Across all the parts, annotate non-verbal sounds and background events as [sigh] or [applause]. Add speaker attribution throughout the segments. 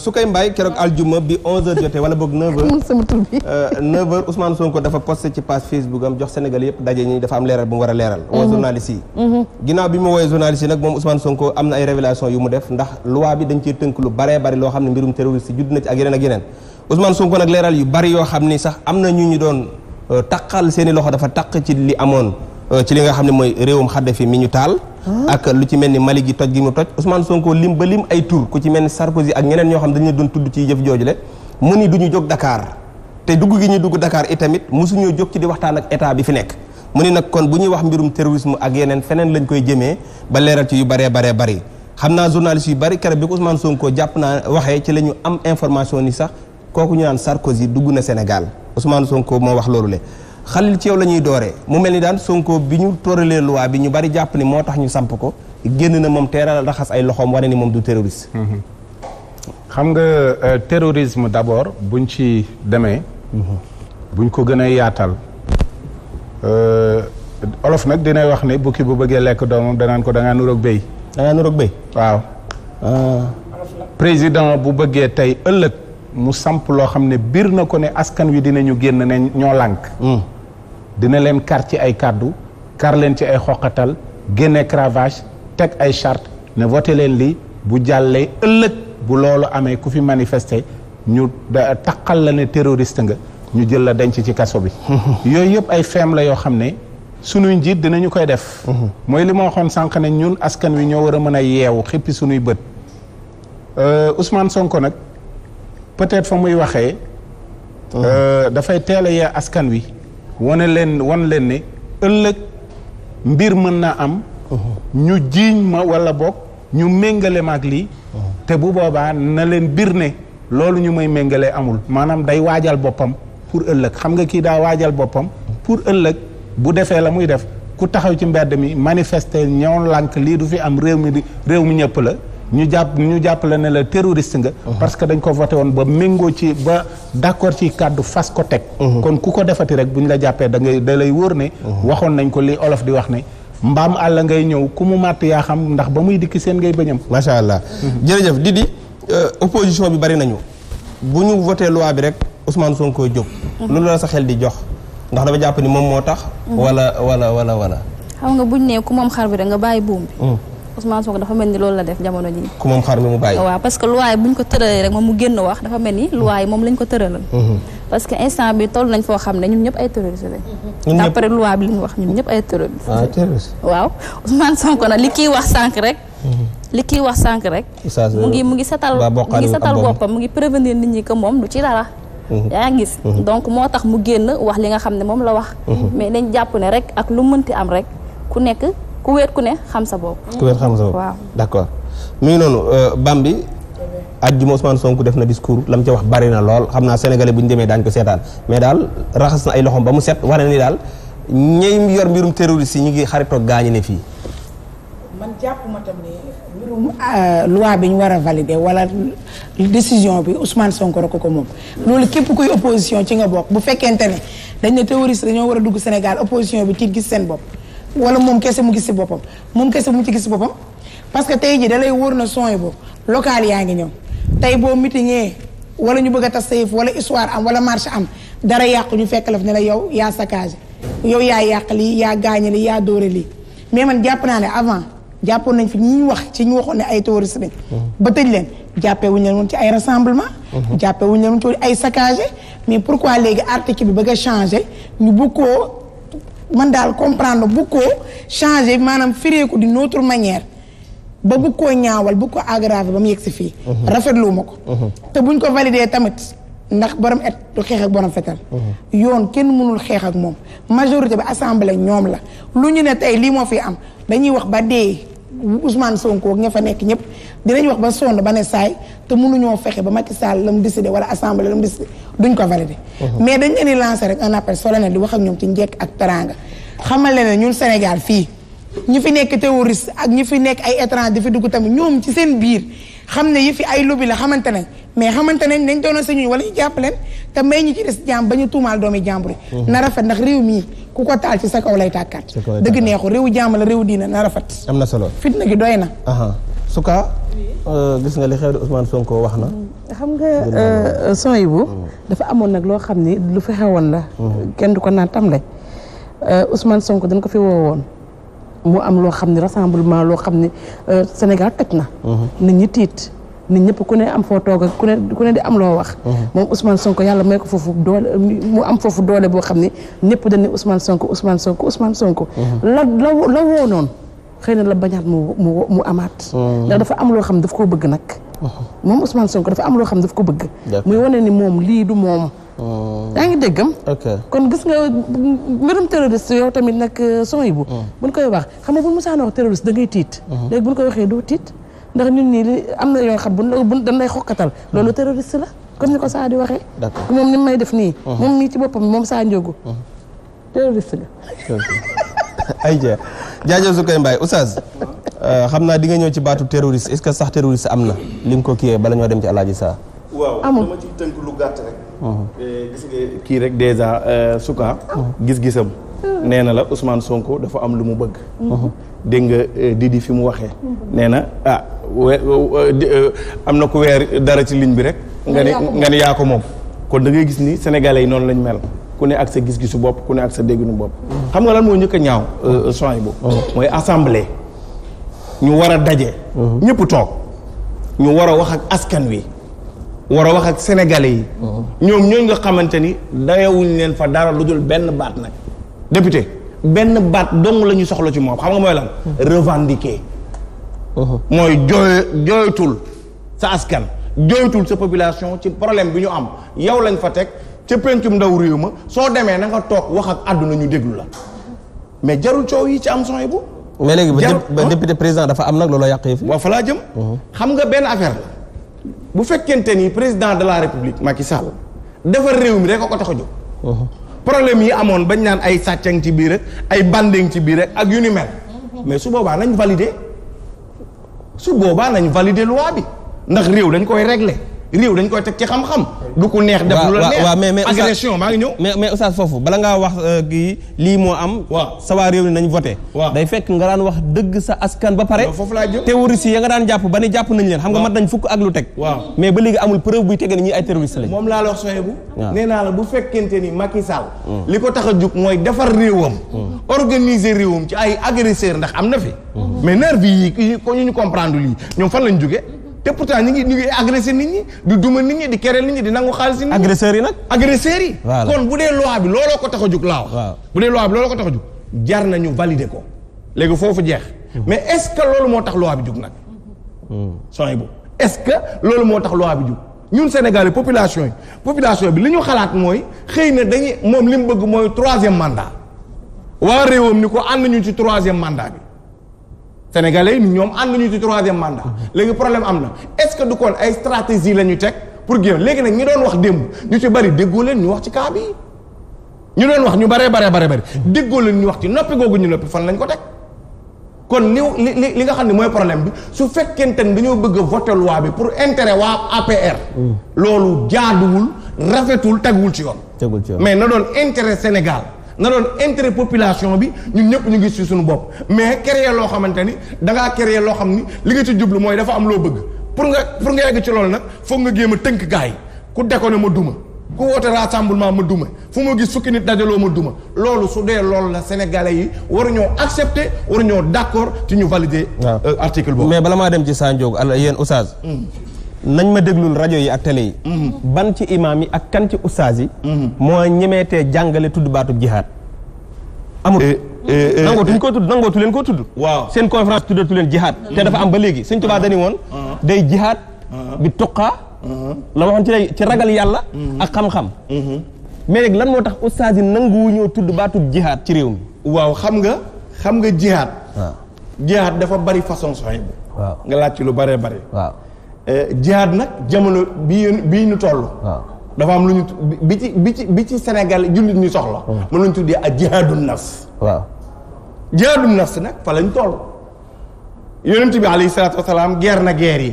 Speaker 1: Soukeye Mbaye keroog aljuma bi 11 jotee wala boog 9h [laughs] euh, 9h Ousmane Sonko dafa posté ci page Facebook am jox Sénégal yëpp daje ñi dafa am leeral bu mu war a leeral. Mhm. woo journaliste yi. Mhm. ginnaaw bi mu woowee journaliste yi nag moom Ousmane Sonko am na ay révélation yu mu def ndax loi bi dañ ciy tënk lu baree bari loo xam ne mbirum terroriste judd na ci ak yeneen ak yeneen Ousmane Sonko nag leeral yu bari yoo xam ni sax am na ñu ñu doon euh, taqal seen i loxo dafa taq ci li amoon. Euh, ci li nga xam ne mooy réewum Xaddafi mi ñu taal ah. ak lu ci mel ni Mali gi toj gi mu toj Ousmane Sonko lim ba lim ay tur ku ci mel ni Sarkozy ak ñeneen ñoo xam ne dañu doon tudd ci jëf jooju le mu ni du ñu jóg te dugg gi ñu dugg Dakar itamit mosuñoo jóg ci di waxtaan ak état bi fi nekk mu ni nag kon bu ñuy wax mbirum terrorisme ak yeneen feneen lañ koy jëmee ba leeral ci yu baree bare bari xam naa journaliste yu bari keroog bi ko Ousmane Sonko jàpp naa waxee ci la ñu am information ni sax kooku ñu naan Sarkozy dugg na Sénégal Ousmane Sonko moo wax loolu le xalil ci yow la ñuy dooree mu mel ni daan Sonko bi ñu tóoralee loi bi ñu bari jàpp ni moo tax ñu
Speaker 2: samp ko génn na moom teeral raxas ay loxoom wane ni moom du terroriste. Mhm. xam nga euh, terrorisme d'abord buñ ci demee. Mhm. buñ ko gën a yaatal. Euh, olof nag dinay wax ne bukki bu bëggee lekk doomam danaan ko da ngaa nuroog béy. da ngaa nuroog béy. waaw. Ah. président bu bëggee tey ëllëg. mu samp loo xam ne biir na ko ne askan wi dinañu génn ne ñoo lànk. Mm. dina leen kar ci ay kàddu kar leen ci ay xoqatal génne cravage teg ay charte ne voté leen li bu jàllee ëllëg bu loolu amee ku fi manifester ñu taqal la ne terroriste nga ñu jël la denc ci kaso bi [laughs] yooyu yëpp ay feem la yoo xam ne sunuy njiit dinañu koy def mooy li ma waxoon sànq ne ñun askan wi ñoo war a mën a yeewu xippi sunuy bët euh, usmaan Sonko nag peut-être fa muy waxee euh, dafay teel yee askan wi wane leen wan leen ne ëllëg mbir mën naa am ñu jiiñ ma wala bokk ñu méngale ma ak lii te bu boobaa na leen bir ne loolu ñu may méngale amul maanaam day waajal boppam pour ëllëg xam nga kii daa waajal boppam pour ëllëg bu defee la muy def ku taxaw ci mbedd mi manifeste ñëw lànk lii du fi am réew mi réew mi ñëpp la ñu jàpp ñu jàpp la ne la terroriste nga uh-huh. parce que dañ ko voté woon ba méngoo ci ba d'accord ci kàddu fas ko teg uh-huh. kon ku ko defati rek bu ñu la jàppee dangay ngay da lay wóor ne uh-huh. waxoon nañ ko li olof di wax ne mbaam àll ngay ñëw ku mu màtt yaa xam ndax ba muy dikki seen ngay bëñam macha allah di Didi euh, opposition
Speaker 1: bi bari nañu bu ñu voté loi bi rek Ousmane Sonko jóg loolu la sa xel di jox ndax dafa jàpp ni moom moo tax wala wala wala wala
Speaker 3: xam nga buñ ne ku moom xar da nga bàyyi Ousmane Sonko dafa mel ni loolu la def jamono ji
Speaker 1: que
Speaker 3: loi yi bu ñu ko tëralee rek moom mu génn wax ko tëralal mhm. que instant bi toll nañ foo xam ne ñun ñëpp ay terroristes lañ d'après li ñu wax ñun ñëpp ay terroristes ah, waaw Ousmane Sonko li kii wax sànq rek mhm. li kii wax sànq rek mu ngi mu ngi setal mu ngi setal boppam mu ngi prévenir nit ñi que moom du ci dara mhm. yaa ngi gis donc moo tax mu génn wax li nga xam ne moom la wax mais nañ jàpp ne rek ak lu mënti am rek ku nekk ku weet ku ne xam sa bopp.
Speaker 4: ku weet xam d'
Speaker 1: accord mi ngi noonu euh, Bambi. ajjuma Ousmane Sonko def na discours lam ca wax bari na lool xam naa sénégalais bu ñu demee daañu ko seetaan mais daal raxas na ba mu set wane ni daal ñey yor mbirum terroriste yi ñu ngi xaritoog gaañu ne fii.
Speaker 3: man euh, bi ñu war a valider décision bi Ousmane Sonko rek ko ko moom. loolu képp kuy opposition ci nga bokk bu fekkente ne dañ ne terroriste dañoo war a dugg Sénégal opposition bi ci gis seen bopp. wala moom kese mu gis si boppam moom kese mu ci gis si boppam parce que tey jii da lay na son yi boobu local yaa ngi ñëw tey boo mitingee wala ñu bëgg a tas sayif wala histoire am wala marché am dara yàqu ñu fekk la fi ne la yow yaa saccagé yow yaa yàq lii yaa gaañe lii yaa dóore lii mais man jàpp naa ne avant jàppoon nañ fi ñi ñu wax ci ñu waxoon ne ay terroristes lañ ba tëj leen jàppee wuñu leen woon ci ay rassemblement jàppee wuñu leen woon ci ay saccagé mais pourquoi léegi article bi bëgg a changé ñu bëgg koo man daal comprendre bu ko changer maanaam firee ko d'une autre manière ba bu ko ñaawal bu ko aggraver ba mu yegg si fii. Mhm. rafetlu ma ko. Mhm. te buñ ko valider tamit. ndax borom et du xeex ak borom fetal mhm. yoon kenn mënul xeex ak moom majorité bi assemblée ñoom la lu ñu ne tey lii moo fi am dañuy wax ba dee Ousmane Sonko ak ña fa nekk ñëpp dinañ wax ba sonn ba ne saay te mënuñoo fexe ba Macky Sall la mu décidé wala assemblée la mu décidé duñ ko valider. Uh-huh. mais dañ leen di lancer rek un appel solennel di wax ak ñoom ci njekk ak teraanga. xamal leen ne ñun Sénégal fii ñu fi nekk terroriste ak ñu fi nekk ay étranger di fi dugg tamit ñoom ci seen biir xam ne yi fi ay lobby la xamante nañ mais xamante nañ dañ doon sañuñ wala ñu jàpp leen te may ñu ci des jàmm ba ñu tuumaal doomi jàmbur yi uh-huh. na rafet ndax réew mii ku ko taal ci sa kaw lay tàkkaat dëgg neexu réewu jàmm la réewu diina na rafet
Speaker 1: am na solo fitna gi na su kaa euh, gis nga li xew Ousmane
Speaker 3: xam nga euh, son yi bu mm. dafa amoon nag loo xam ni lu fi xewoon la mm. kenn du ko naan tamle lañ euh, Ousmane Sonko dañ ko fi woowoon mu am loo xam ni rassemblement loo xam ni euh, Sénégal toj na mm-hmm. nit ñi tiit nit ñëpp ku ne am foo toog ku ne ku ne di am loo wax mm-hmm. moom Ousmane Sonko yàlla may ko foofu doole mu am foofu doole boo xam ni ñëpp dañ ne Ousmane Sonko Ousmane Sonko Ousmane Sonko mm-hmm. la la woonoon xëy na la bañaat mu mu mu amaat. Hmm. ndax dafa am loo xam daf koo bëgg nag. Hmm. moom Ousmane Sonko dafa am loo xam daf ko bëgg. muy wane ni moom lii du moom. Hmm. yaa ngi déggam. kon gis nga mbirum terroriste yow tamit nag son bu bu. buñ koy wax xam nga buñ mosaan wax terroriste da ngay tiit. léegi buñ koy waxee doo tiit ndax ñun nii am na yoo xam bu la buñ dañ lay xokkatal loolu terroriste la comme ni ko saa di waxee. moom ni may def nii. moom mii ci boppam moom saa njóogu. terroriste la.
Speaker 1: ay [laughs] jaajal jaajëf Soukeye Mbaye oustaz euh, xam naa di nga ñëw ci baatu terroriste est-ce que sax terroriste am na li nga ko kiiyee bala ñoo dem ci alaaji saa waaw dama ci tënk lu gàtt rek mhm. eh, gis nga kii euh, gis-gisam mhm. nee na la Ousmane Sonko dafa am lu mu bëgg mhm. dégg nga euh, Didi fi mu waxee nee na ah am na ku weer dara ci ligne bi rek nga ni nga ni yaa ko moom kon da ngay gis ni sénégalais yi noonu lañ mel ku ne ak sa gis-gisu bopp ku ne ak sa dégginu bopp. xam nga lan moo njëkk a ñaaw euh, soin boobu. Oh. mooy assemblée. ñu war a daje. Oh. ñëpp toog ñu war a wax ak askan wi. war a wax ak sénégalais yi. Oh. ñoom ñooñ nga xamante ni dayewuñ leen fa dara lu dul benn baat nag. député benn baat dong lañuy soxla ci moom xam nga mooy lan. revendiquer. mooy jooy jooytul sa askan. jooytul sa population ci problème bi ñu am yow lañ fa teg. ca pencum ndaw réew ma soo demee na nga toog wax ak àdduna ñu déglu la mais jarul coow yi ci am son yi bu. mais léegi ba ah? député président dafa am nag looloo yàq yi fi. waaw jëm. Mhm. xam benn affaire bu fekkente ni président de la république Macky Sall defar réew mi rek ko ko tax a jóg. Mhm. problème yi amoon bañ naan ay sàccang ci biir rek ay bandeng ci biir rek ak mais su boobaa nañ valider su boobaa nañ valider loi bi ndax réew dañ koy régle réew dañ koy teg ci xam-xam. du ku neex def lu la neex. mais mais agression maa ngi ñëw. mais mais Oustaz foofu bala ngaa wax euh, kii am. waa réew mi nañ voté. day fekk nga daan wax dëgg sa askan ba pare. foofu laa jëm terroriste ya nga daan jàpp ba ni jàpp nañ leen. xam nga mat nañ fukk ak lu teg. waaw mais ba léegi amul preuve naa bu fekkente ni Macky Sall. Hmm. li ko tax a jug mooy defar réewam. Hmm. organiser réewam ci ay agresseur ndax am na fi. Hmm. mais nervi yi ko ñu comprendre lii ñoom fan lañ jóge te pourtant ñu ngi ñu ngi agressé nit ñi di duma nit ñi di kere nit ñi di nangu xaalis nit ñi. agresseurs yi nag. agresseurs yi. kon bu dee loi bi looloo ko tax a jug laa wax. bu dee loi bi looloo ko tax a jug jar nañu valider ko léegi foofu jeex. mais est-ce que loolu moo tax loi bi jug nag. Hmm. sooy bu est-ce que loolu moo tax loi bi jug ñun Sénégalais population yi population bi li ñu xalaat mooy xëy na dañuy moom li mu bëgg mooy troisième mandat. waa réewam ni ko ànd ñu ci troisième mandat bi. sénégalais yi ñoom ànd nañu ci troisième mandat léegi problème am na est-ce que du kon ay stratégie la ñu teg pour génn léegi nag ñi doon wax démb ñu si bari déggoo leen ñu wax ci cas ñu doon wax ñu baree baree bare bari déggoo leen ñu wax ci noppi googu ñu noppi fan lañ ko teg kon li li li nga xam ne mooy problème bi su fekkente ne dañoo bëgg a voter bi pour intérêt waa APR mm. loolu jaaduwul rafetul teguwul ci yoon mais na doon intérêt Sénégal na loon intérêt population bi ñun ñëpp ñu ngi si suñu bopp mais créer loo xamante ni da ngaa créer loo xam ni li nga ci jublu mooy dafa am loo bëgg pour nga pour nga yegg ci loolu nag foog nga géem a tënk yi ku déconné ma duma ku woote rassemblement ma duma fu ma gis fukki nit dajaloo ma duma loolu su dee loolu la sénégalais yi waruñoo accepter waruñoo d'accord ci ñu valider. Euh, article boobu mais bala maa dem ci Sa Ndiogou yéen Oustaz. Hmm. nañ ma déglul rajo yi ak télé yi. Mm-hmm. ban ci imaam yi ak kan ci ustaas yi. Mm-hmm. moo ñemeetee jàngale tudd baatub jihaad. amul eh, eh, eh, nangootuñ tudd leen koo tudd. waaw seen conférence tuddatu leen jihaad. Mm-hmm. te dafa am ba léegi Sëñ Tuubaa dañu woon. Uh-huh. day jihaad. Uh-huh. bi tuqaa. Uh-huh. la waxoon ci lay ci ragal yàlla. ak xam-xam. mais lan moo tax ustaas yi nanguwu ñoo tudd baatub jihaad ci réew mi. waaw xam nga xam nga jihaad. waaw jihaad dafa bari façon soxna. waaw nga laaj ci lu baree bari. Euh, jihaad nag jamono bii bii ñu toll. Ah. dafa am lu ñu bi bi ci bi ci Sénégal jullit ñu soxla. Ah. mën nañu tuddee ak jihaadu nafs. waaw jihaadu nafs nag fa lañ toll. yonent bi alayhi salaatu wasalaam geer na geer yi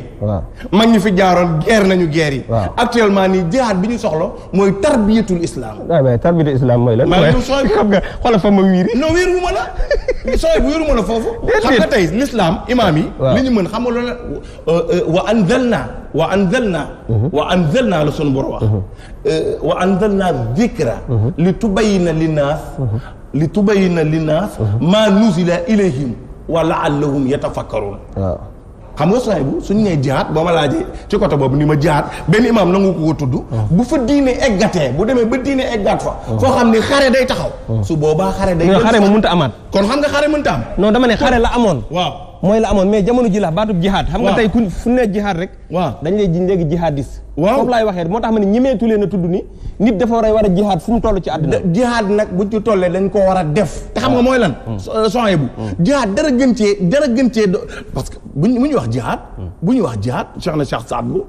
Speaker 1: mag ñu fi jaaroon geer nañu geer yi actuellement nii jihaad bi ñu soxla mooy tarbiyatul islam waaw ah, mais tarbiyatul islam mooy lan ma sooy [laughs] xam nga xoolal fa ma wiiri non wiiru ma la sooy bu wiiru ma la foofu [laughs] xam nga tey l'islam imaam yi li ñu mën xam nga loolu euh, euh, wa anzalna wa anzalna mhm. wa anzalna la sunu borom wax mhm. euh, wa anzalna dhikra mhm. li tubayyina linnaas li tubayyina linnaas maa nuzila ilayhim wa laallahum yatafakkaruun waaw xam nga soxna bu suñ nee jaat boo ma laajee ci côté boobu ni ma jaat benn imaam nangu ko ko tudd ah. bu fa diine eggatee bu demee ba diine eggaat fa ah. foo xam ne xare day taxaw ah. su boobaa xare day xare ma mënta amaat kon xam nga xare mënta am non dama ne xare la amoon waaw mooy la amoon mais jamono ji la baatub jihaad xam nga tey ku fu ne jihaad rek waaw dañ lay jiñ léegi jihadiste waaw foofu laay waxee moo tax ma ne ñemeetu leen a tudd ni nit dafa war a war a jihaad fu mu toll ci àddina jihaad nag buñ ci tollee dañ ko war a te xam nga mooy lan mm. euh, sony bu mm. jihaad dara gën cee dara gën cee parce que buñ bu ñuy wax jihaad mm. bu ñuy wax jihaad Cheikh na Cheikh Saad bu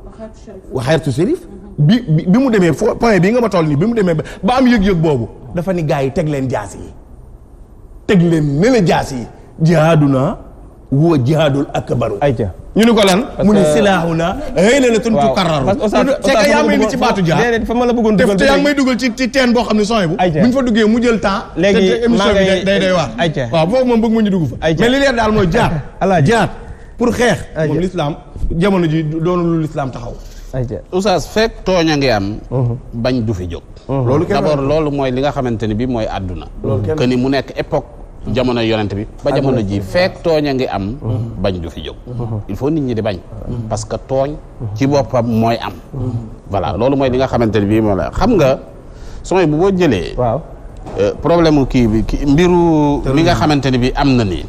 Speaker 1: waxeertu sérif bi bi mu demee fo point bi nga ma toll nii bi mu demee ba am yëg-yëg boobu dafa ni gars yi teg leen jaas yi teg leen ne la jaas yi jihaaduna huwa jihaadul akbaru ñu ni ko lan mu ne silaahu na xëy na la tuntu karraru c'est que yaa may ni ci baatu jaar la bëggoon dugal te yaa may dugal ci ci teen boo xam ne sony bu buñ fa duggee mu jël temps
Speaker 2: léegi émission bi day day waar
Speaker 1: waaw foofu moom bëgg mu ñu daal mooy jaar [laughs] jaar pour xeex moom lislaam jamono ji doonu lu lislaam taxaw oustaz
Speaker 4: fekk tooñ a ngi am bañ du fi jóg d'abord loolu mooy li nga xamante ni bi mooy àdduna que ni mu nekk époque jamono yonent bi ba jamono ji fekk tooñ a ngi am mhm. bañ du fi jóg mhm. il faut nit ñi di bañ mhm. parce que tooñ ci boppam mooy am voilà loolu mooy li nga xamante ne bii moom xam nga sooy bu boo jëlee waaw euh, problème kii bi kii mbiru mi nga xamante ne bi am na nii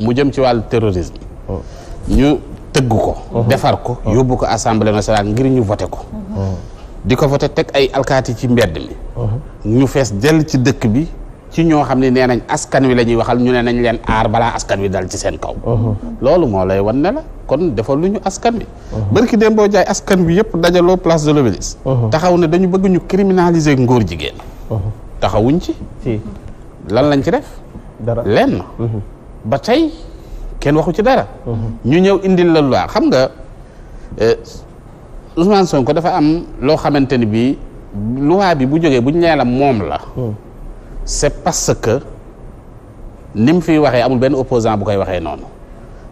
Speaker 4: mu jëm ci wàllu terrorisme oh. ñu tëgg ko defar ko oh. yóbbu ko assemblée nationale ngir ñu voté ko oh. di ko voté teg ay alkaati ci mbedd mi ñu fees dell ci dëkk bi ci ñoo xam ne nee nañ askan wi la ñuy waxal ñu ne nañ leen aar balaa askan wi dal ci seen kaw uh-huh. loolu moo lay wan ne la kon defal lu ñu askan wi uh-huh. barki dem boo jaay askan wi yëpp dajaloo place de l'Obélisque uh-huh. taxaw ne dañu bëgg ñu ngóor jigéen taxawuñ ci lan lañ ci def dara lenn ba tey kenn waxu ci dara ñu ñëw indil la loi xam nga eh, Ousmane Sonko dafa am loo xamante ni bii loi bi bu jógee buñ nee la moom la c'est parce que ni mu fiy waxee amul benn opposant bu koy waxee noonu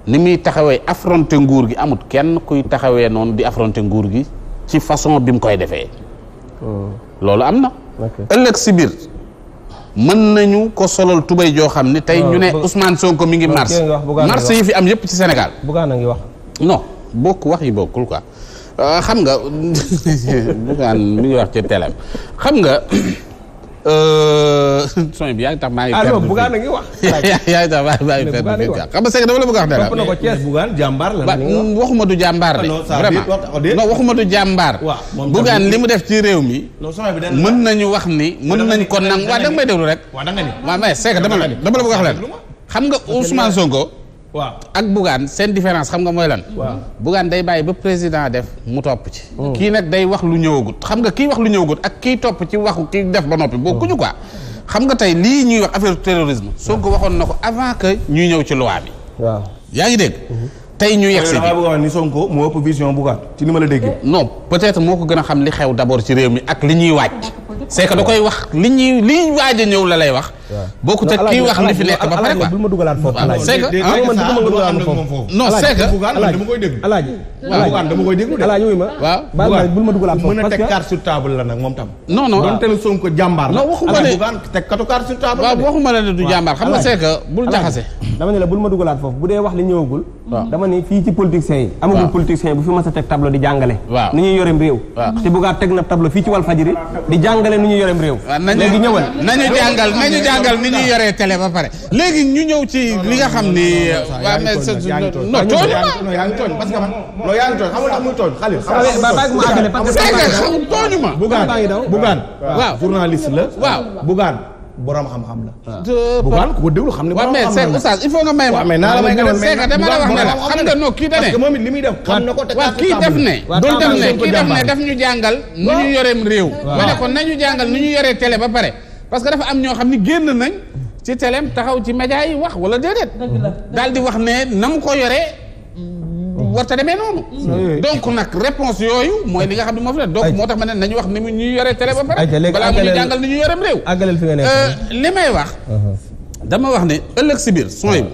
Speaker 4: ni muy taxawee affronter nguur gi amul kenn kuy taxawee noonu di affronter nguur gi ci façon bi mu koy defee oh. loolu am na ëllëg si biir mën nañu ko solal tubay joo xam ne tey oh, ñu ne Ousmane Sonko mi ngi mars mars yi fi am yëpp ci Sénégal Bougane a ngi wax non bokk wax yi bokkul quoi euh, xam nga [laughs] Bougane mi ngi wax ci teleem xam nga son bi yaa ngi tax maa ngi. allo Bougane a ngi wax. yaa ngi tax maa ngi fay ma fay xam nga Seck dama la bëgg a wax dara. waxuma du jàmbaar de. vraiment non waxuma du jàmbaar. waaw li mu def ci réew mi. mën nañu wax ni. mën nañ ko nangu waaw danga may déglu rek. waaw danga ni waaw mais Seck dama la dama la bëgg a wax leen. xam nga Ousmane Sonko. waaw ak Bougane seen différence xam nga mooy lan. waaw day bàyyi ba président def mu topp ci. Oh. kii nag day wax lu ñëwagut xam nga kii wax lu ñëwagut ak kii topp ci waxu kii def ba noppi. bokkuñu oh. quoi xam nga tey lii ñuy wax affaire terrorisme. soo ko waxoon na ko avant que ñuy ñëw ci loi bi. waaw yaa ngi dégg. Mhm. tey ñu yegg si bi ni Sonko moo ëpp vision Bougane ci ni ma la déggee. non peut-être moo ko gën a xam li xew d'abord ci réew mi ak li ñuy waaj. c'est que da koy wax li ñuy lii waaj a ñëw la lay wax. bokkut ak kii wax li fi nekk ma
Speaker 1: dugalaat foofu alaaji ma dugalaat foofu mën a teg carte sur table la nag moom tam la non waxuma ne bugaan xam nga c'est que bul jaxase dama ne la ma dugalaat foofu bu dee wax li ñëwagul dama ne fii ci politiciens yi amagul politiciens yi bu fi mas a teg tableau di jàngale ni ñuy yorem réew te bugaan teg na tableau fii ci Walfadjri di jàngale ni ñuy yorem réew léegi ñëwal nañu jàngal nañu jàngal jàngal ni ñuy yoree télé ba pare léegi ñu ñëw ci li nga xam ni waa mais non tooñ ma yaa ngi tooñ parce que
Speaker 2: man non yaa ngi tooñ xamul
Speaker 1: tax muy tooñ xalil xamul tooñu ma bugaan bugaan waaw journaliste la waaw bugaan borom xam-xam la bugaan ku ko déglu xam ne waaw mais Seck oustaz il faut nga may ma mais naa la may nga dem Seck dama la wax ne la xam nga non kii da ne na ko kii def ne doon def ne kii def ne daf ñu
Speaker 4: jàngal nu ñu yoreem réew ma ko nañu jàngal nu ñu yoree télé ba pare parce que dafa am ñoo xam ni génn nañ ci teleem taxaw ci média yi wax wala déedéet daal di wax ne na mu ko yoree warta demee noonu mm. donc nag réponse yooyu mooy li nga xam ne moo fi ne donc moo tax ma ne nañu wax ni mu ñuy yoree télé ba pare yoreem réew euh, li may wax uh-huh. dama wax ne ëllëg si biir son yi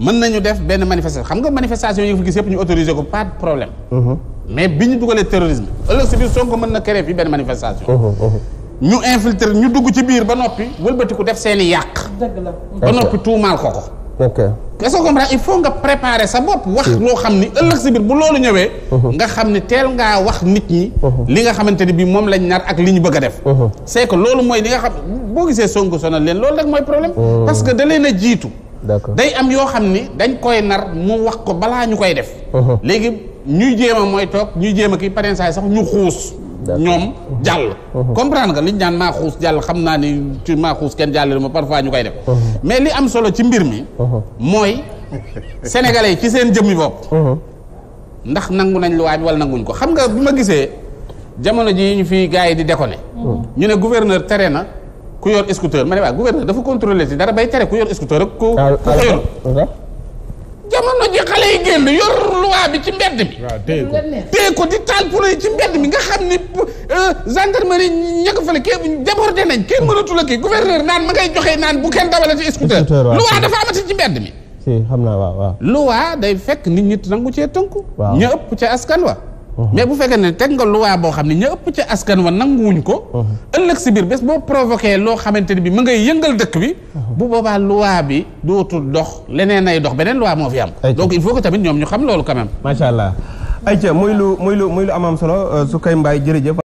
Speaker 4: mën nañu def benn manifestation xam nga manifestation yi nga fi gis yëpp ñu autorisé ko pas de problème uh-huh. mais bi ñu dugalee terrorisme ëllëg si biir Sonko mën na créer fii benn manifestation uh-huh, ñu infiltrer ñu dugg ci biir ba noppi wëlbatiku def seen i yàq. dëgg la ba noppi tuumaal ko ko. ok est-ce que comprendre il faut nga préparer sa bopp wax loo xam ni ëllëg si biir bu loolu ñëwee uh-huh. nga xam ne teel ngaa wax nit ñi uh-huh. li nga xamante ni bii moom lañ nar ak li ñu bëgg a def uh-huh. c'est que loolu mooy li nga xam boo gisee Sonko sonal leen loolu rek mooy problème parce que da leen a jiitu day am yoo xam ni dañ koy nar mu wax ko balaa ñu koy def léegi ñuy jéem mooy toog ñuy jéem a kii parrainage sax ñu ñoom jàll mhm. comprendre nga liñ naan maaxuus jàll xam naa ni ci maaxuus kenn jàll ma parfois ñu koy def mhm. mais li am solo ci mbir mi mhm. mooy sénégalais yi ci seen jëmmi bopp ndax nangu nañ luwaa bi wala nanguñ ko xam nga bu ma gisee jamono ji ñu fi gars yi di déconné ñu ne gouverneur tere na ku yor scooter ma ne waaw gouverneur dafa contrôler si dara bay tere ku yor scooter ak ku ku xëyul jamono ji xale yi génn yor loi bi ci mbedd mi. waaw téye ko di taal pono yi ci mbedd mi nga xam ni euh, gendarmerie ñàkk fële kii débordé nañ kenn mënatu la kii gouverneur naan ma ngay naan bu kenn dawalati scooter. loi dafa amati ci mbedd mi.
Speaker 1: si xam naa waaw waaw.
Speaker 4: loi day fekk nit ñi nangu cee tënku. waaw ña ëpp ca askan wa. mais bu fekkee ne teg nga loi boo xam ne ñu ëpp ci askan wa wuñ ko. ëllëg si biir bés boo provoqué loo xamante ni bi mu ngay yëngal dëkk bi. bu boobaa loi bi dootul dox leneen ay dox beneen loi moo fi am.
Speaker 1: donc il faut que tamit ñoom ñu xam loolu quand même. macha allah ayca muy lu muy lu muy lu am solo euh, su koy mbaay jërëjëf.